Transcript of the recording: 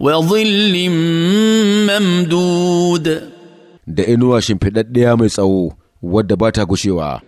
وظل ممدود da inuwa shimfiɗaɗɗiya mai tsawo wadda ba ta gushewa